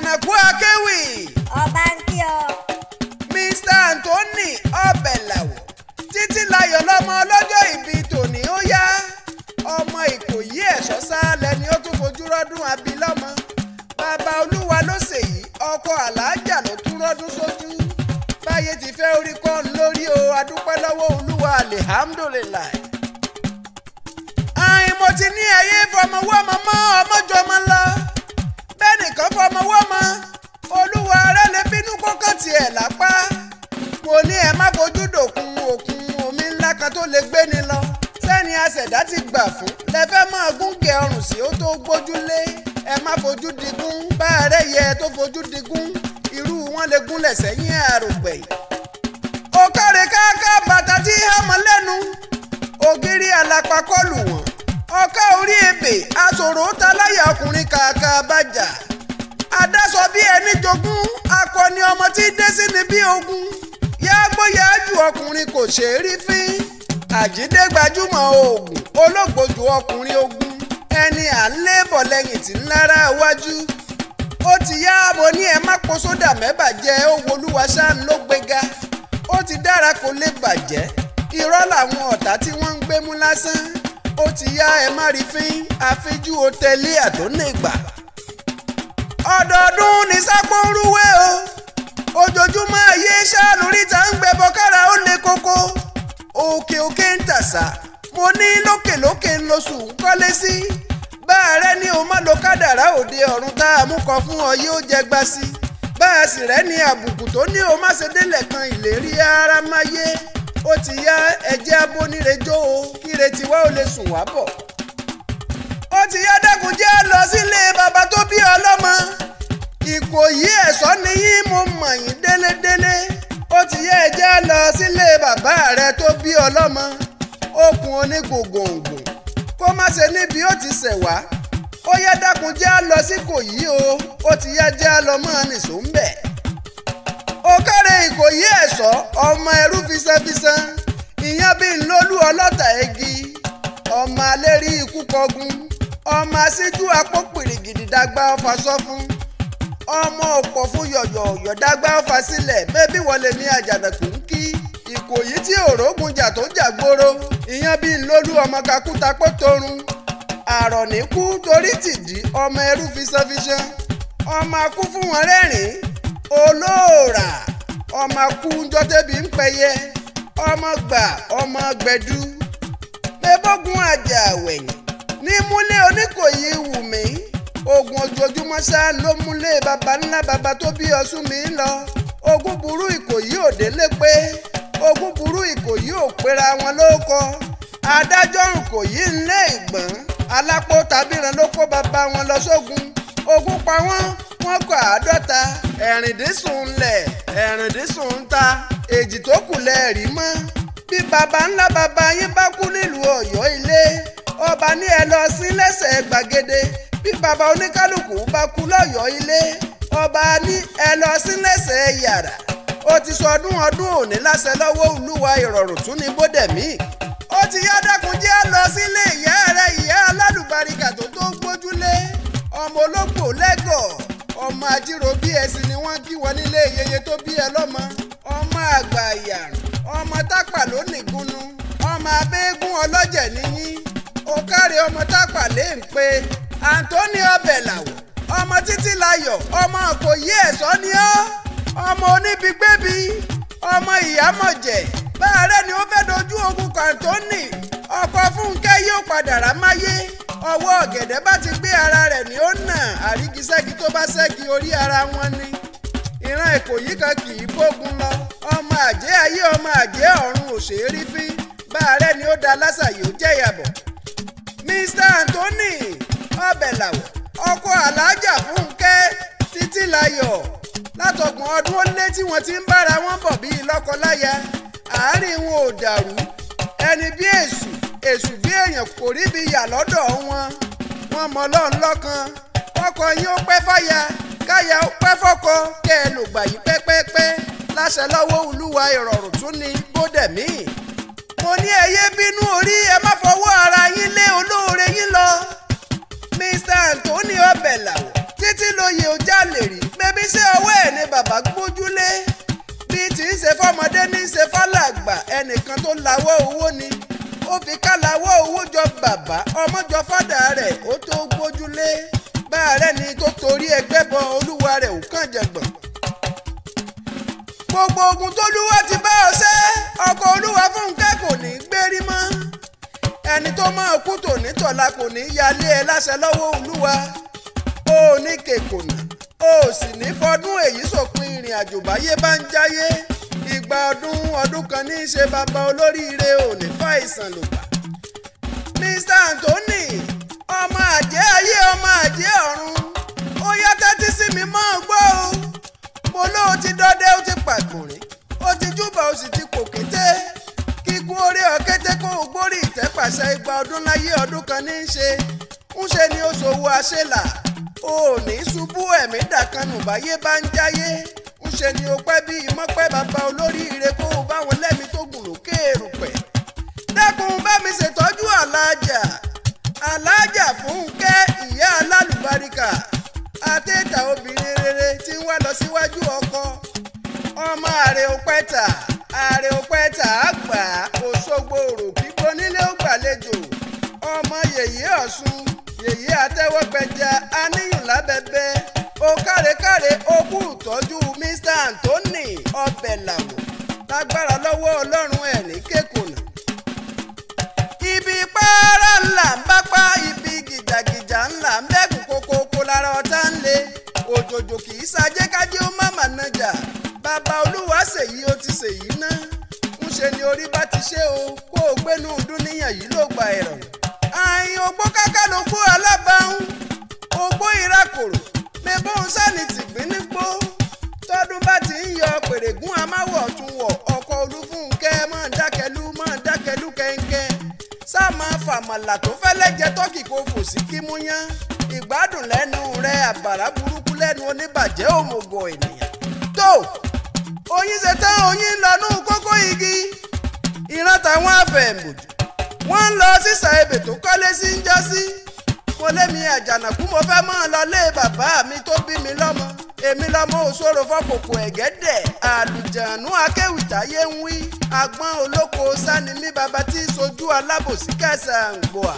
ànàkú akéwì. ọba ń kí ọ. Mr. Anthony ọbẹ̀làwọ̀ títí láyọ̀ lọ́mọ ọlọ́jọ́ ìbí tòní ó yá ọmọ ìkòyí ẹ̀ṣọ́ sáálẹ̀ ni ó tún fojú rọ́dún abilọ́mọ bàbá olúwa ló ṣèyí ọkọ àlàájà ló tún rọ́dún sójú báyé ti fẹ́ orí kọ́ lórí o adúpẹ́ lọ́wọ́ olúwa alihamdulilayi. àyìn mo ti ní ẹyẹ fọmọwọ́ ọmọ àtùsí ó tó gbójúlé ẹ má fojú digún bá a rẹ̀ yẹ tó fojú digún irú wọn lè gúnlẹ̀ sẹ́yìn àrògbẹ̀. ó káre káàká bàtà tí hàmọ́ lẹ́nu ògiri àlàpà kọlù wọn ọkà orí ebè asòrò taláyà ọkùnrin kàkà bàjà adásọ bí ẹni jogún akọni ọmọ tí dé sí ni bí ogun yágbóyà ju ọkùnrin kò ṣeé rí fín àjídé gbajúmọ̀ oògùn olóògbòjú ọkùnrin ogun à ń lébọ̀ lẹ́yìn tí ń lára wájú ó ti yá mo ní ẹ má po sódà mẹ́bà jẹ́ ó wolúwa ṣáà ló gbéga ó ti dára kó lè bàjẹ́ irọ́ làwọn ọ̀tá tí wọ́n ń gbé mú lásán ó ti yá ẹ má rí fín àfíjú òtẹ́lẹ̀ àdónègbà ọdọọdún ní sápó ń rúwé o ojoojúmọ́ ayé ṣáàlù ríta ń gbẹbọ kára ó le koko òkè òkè ń tàṣà mo ní lókèlókè ń lọ sùn kọ́lé sí. Si bá a rẹ ní o má lo kádàrá òde ọ̀run tá a mú kọ fún ọ yóò jẹ gbá sí bá a sì rẹ ní àbùkù tó ní o má ṣe délẹ̀ kan ìlérí ara ó ti yá ẹjẹ́ abónírejó o kíre tiwa ó lè sùn wá bọ̀ ó ti yá dẹ́kun jẹ́ lọ sílé bàbá tó bí ọlọ́mọ ìkòyí ẹ̀sọ́ ni yín mo mọ̀ yín délédélé ó ti yá ẹjẹ́ lọ sílé bàbá rẹ tó bí ọlọ́mọ okùn onígun ṣe níbi ó ti ṣẹ̀ wá ó yá dákun jẹ́ á lọ sí Ìkòyí o ó ti yá jẹ́ lọ mọ́ nìṣó ń bẹ̀. ó kéré Ìkòyí ẹ̀ṣọ́ ọmọ ẹrú fisanfisan ìyẹn bí ń lólú ọlọ́tà egi ọmọ alérí ikú kọgun ọmọ asíjú apópìrìgìdì dàgbà ọfà sọ fún ọmọ òpó fún yọ̀yọ̀ yọ̀dàgbà ọfà sílẹ̀ mẹ́bí wọlé ní àjànàkú ìkòyí tí òrógùn jà tó jà gbóró ìyẹn bíi lólú ọmọ kakúta pọ́ torun àrọ̀ní kú torí tìdí ọmọ ẹrú fiṣanfiṣan ọmọ akú fún wọn rẹ́rìn olóòrà ọmọ akú jọ́tẹ́bí ń pẹyẹ ọmọ gbà ọmọ gbẹdú mẹ́bọ́gun àjà àwẹ̀yìn ní múlẹ̀ oníkòyí wù mí ogun ojoojúmọ́ ṣá ló múlẹ̀ baba ńlá baba tó bí ọsùn mi ń lọ ogún burú ìkòyí òde lé pé. ogún burú ìkòyí ò pera wọn lóko adájọ́ ìkòyí ńlé ìgbọ̀n alápò tàbíran ló kó bàbá wọn lọ sógun ogún pa wọ́n wọ́n kọ àádọ́ta ẹ̀rìndínlẹ́sùn ńlẹ̀ ẹ̀rìndínlẹ́sùn ńta èjì tó kù lẹ́ẹ̀rí mọ́ bí baba ńlá baba yín bá kú nílùú Ọ̀yọ́ ilé ọba ní ẹ lọ sí lẹ́sẹ̀ gbàgede bí baba oníkálukú bá kú lọ́yọ́ ilé ọba ní ẹ lọ sí lẹ́sẹ̀ yàrá ó ti sọ ọdún ọdún òní láṣẹ lọ́wọ́ olúwa ìrọ̀rùn tún ní bódẹ̀mí. ó ti yá dákun jẹ́ lọ sílé ìyá rẹ ìyá aládùbáríkà tó tó gbójúlé ọmọ ológbò lẹ́gọ̀ ọmọ ajírò bí ẹsìn ni wọ́n bí wọn nílé yeye tó bí ẹ lọ́mọ ọmọ àgbà àyàrùn ọmọ tápà ló nìgúnnu ọmọ abẹ́ẹ́gún ọlọ́jẹ̀ níyí ó kárí ọmọ tápà lè ń pe Antonio Bẹ̀làwọ̀ ọmọ títí layọ̀ ọmọ kò yí ẹ̀sọ́ ni ọ́ ọmọ oníbigbébi ọmọ ìyámọ̀jẹ̀ báàrẹ̀ ni ó fẹ́ dojú ogun kàntóní ọkọ̀ fúnkẹ́ yóò padà rámáyé ọwọ́ ọ̀gẹ̀dẹ̀ bá ti gbé ara rẹ̀ ni ó nà àrígiṣẹ́gi tó bá ṣẹ́gi orí ara wọn ni ìran ìkòyí kan kì í bógun lọ ọmọ àjẹ́ ayé ọmọ àjẹ́ ọ̀run òṣèré fín báàrẹ̀ ni ó da lásàyò jẹ́yàbọ̀ Mr Anthony ọbẹ̀ làwọ̀ ọkọ̀ aláàjà fúnkẹ́ títí láyọ̀ látọgbọ̀n ọdún ó lé tí wọ́n ti ń bára wọn bọ̀ bíi lọ́kọ-láya àárín wọn ò dàrú ẹni bí èṣù èṣù bí èèyàn kò rí bí yà lọ́dọ̀ wọn wọn mọ ọlọ́run lọ́kan ọkọ yín ó pẹ́ fáya káya ó pẹ́ fọ́kọ kẹ́ ẹ lògbà yìí pẹ́pẹ́pẹ́ láṣẹ lọ́wọ́ olúwa ìrọ̀rùn tún ni bó dẹ̀ mí. mo ní ẹyẹ bínú orí ẹ má fọwọ́ ara yín lé olóore yín lọ mr anthony ọbẹ̀là iṣẹ́ ọwọ́ ẹ̀ ni bàbá gbójúlé bí tí ń ṣe fọmọdé ní ṣe fálàgbà ẹnìkan tó lawọ́ owó ni ó fi ká lawọ́ owó jọ bàbá ọmọ jọ fádà rẹ̀ ó tó gbójúlé bá rẹ̀ ni tó torí ẹgbẹ́ bọ olúwa rẹ̀ ò kàn jẹ̀gbọ̀n gbogbo ogun tólúwa ti bá ọ ṣe ọkọ olúwa fúnkẹ́ kò ní gbérí mọ́ ẹni tó máa kú tòní tọ̀la kò ní yálé ẹ láṣẹ lọ́wọ́ olúwa ó ní kèkònà o sì ní fọdún èyí sòpin ìrìn àjò báyé bá ń jáyé ìgbà ọdún ọdún kan ní í ṣe bàbá olóríire ò ní fàìsàn Mr. Anthony ọmọ àjẹ́ ayé ọmọ àjẹ́ ọ̀run ó yá tẹ́tí sí mi mọ́ ọ gbọ́ o mo ló o ti dọdẹ o ti pàgbòrè ó ti júbà ó sì ti kò kété kíkún orí ọ̀kété kó o gbórí ìtẹ́ pàṣẹ igba ọdún láyé ọdún kan ní í ṣe ń ṣe ni ó ṣòwò àṣelà ò ní ṣubú ẹ̀mí dàkanù báyé bá ń jáyé ńṣe ni o pẹ́ bíi mọ́pẹ́ bàbá olóríire kó o báwọn lẹ́mí tó gùn lókè èrùpẹ̀ dẹ́kun bá mi ṣètọ́jú alájà alájà fúnkẹ́ ìyá alálùbáríkà àtẹ́tà obìnrin rere tí ń wá lọ síwájú ọkọ ọmọ àrè òpẹ́tà àrè òpẹ́tà àgbà òṣogbo òrò kíkó nílé ó ọmọ yèyé ọ̀ṣun yèyé àtẹwọ́gbẹ̀jẹ̀ aníyùn lábẹ́bẹ́ ó kárẹ̀kárẹ̀ ó kú ìtọ́jú Mr Anthony Ọbẹ̀làwọ̀ lágbára lọ́wọ́ ọlọ́run ẹ̀ ní kékùnà. ibi pààrà ńlá ń bá pa ibi gìjàgìjà ńlá ń bẹ́gùn kókókó lára ọ̀tá ń le òjòjò kì í ṣàjẹ́ kájí ó má mà nàjà bàbá olúwa ṣèyí ó ti ṣèyí ná ńṣe ni orí bá ti ṣe o kó o gbénú dún níyàn yìí ló gba ẹ̀rọ̀ ogbó káká lógbó alábàáhùn ogbó ìrakòrò mẹbọn sani tìgbín nígbó tọdún bá ti ń yọ pèrègún amáwọ̀ tún wọ̀ ọkọ̀ olúfúnkẹ́ mọ̀ ń dákẹ́lú mọ̀ ń dákẹ́lú kẹ́ńkẹ́ sáàmà fàmàlà tó fẹ́lẹ́ jẹ tọ́kì kò fò sí kí mú yán ìgbádùn lẹ́nu rẹ àbàrà burúkú lẹ́nu oníbàjẹ́ òmùgọ̀ ènìyàn tó oyin ṣe tán oyin lọ nú kókó igi ìran tàwọn afẹ́ wọ́n ń lọ sísan ebè tó kọ́lé sí ń jọ́ sí mo lémi àjànàkú mo fẹ́ mọ́ ọ lọ lé bàbá mi tó bí mi lọ́mọ èmi lọ́mọ òṣòro fọ́kòkò ẹ̀gẹ́dẹ̀ àlùjànú akéwìtáyé ń wí agbọ́n olóko sani mi bàbá tí sojú alábòsí kẹsàn-án gbòà.